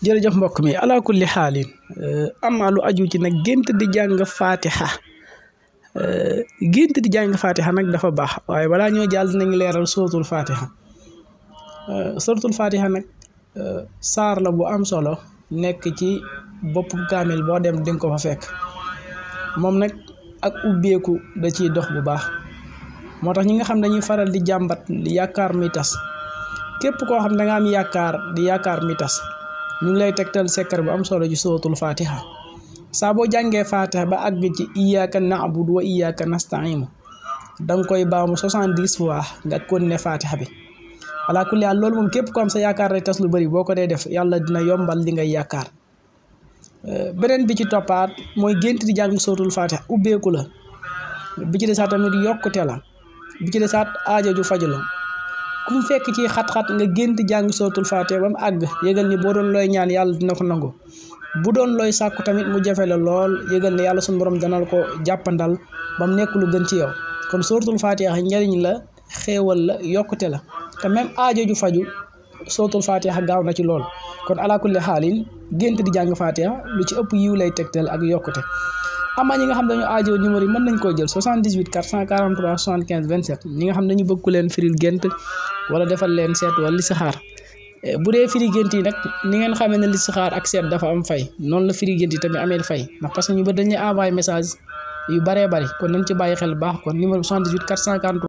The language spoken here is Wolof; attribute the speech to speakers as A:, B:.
A: jërëjëf mbokk mi ala kulli xaalin euh, amaa lu aju ci nag gént di jàng faatiha euh, gént di jàng faatiha nag dafa baax waaye balaa ñoo jàll nañu leeral suratul faatiha euh, suratul faatiha nag saar la bu am solo nekk ci boppu kaamil boo dem dinga ko fa fekk moom nag ak ubbeeku da ciy dox bu baax moo tax ñi nga xam dañuy faral di jàmbat di yaakaar mi tas képp koo xam da nga am yaakaar di yaakaar mi tas ñu ngi lay tegtal sekkar bu am solo ji suratul fatiha saa boo jàngee fatiha ba àgg ci iyyaka na'budu wa iyyaka nasta'in danga koy baamu soixante-dix fois nga kon ne fatiha bi ala kulli haal loolu moom képp ko am sa yaakaar day tas lu bari boo ko dee def yàlla dina yombal li ngay yaakaar euh, beneen bi ci toppaat mooy gént di jàng sootul fatiha ubbeeku la bi ci desaat tamit yokkute la bi ci de desaat aajo ju faju la ku mu fekk ci xat-xat nga gént jàng sootul faatiha ba mu àgg yëgal ni boo doon looy ñaan yàlla dina ko nangu bu doon looy sàkku tamit mu jafe la lool yëgal ne yàlla suñu borom danal ko jàppandal ba mu nekk lu gën ci yow kon sootul faatiha njariñ la xéewal la yokkute la te même aajo ju faju sootul faatiha gaaw na ci lool kon alaakulli xaalin gént di jàng faatiha lu ci ëpp yiw lay tegtal ak yokkute amaa ñi nga xam dañu aajo numéro yi mën nañ koo jël ñi nga xam dañu bëgg ku leen firil gént defal leen seet wala listixaar eh, bu dee firi yi nag ni ngeen xamee ne listixaar ak seet dafa am fay noonu la firi yi tamit amee fay ndax parce ñu bëri dañuy envoyé message yu baree bari kon nañ ci bàyyi xel baax kon numéro 78 443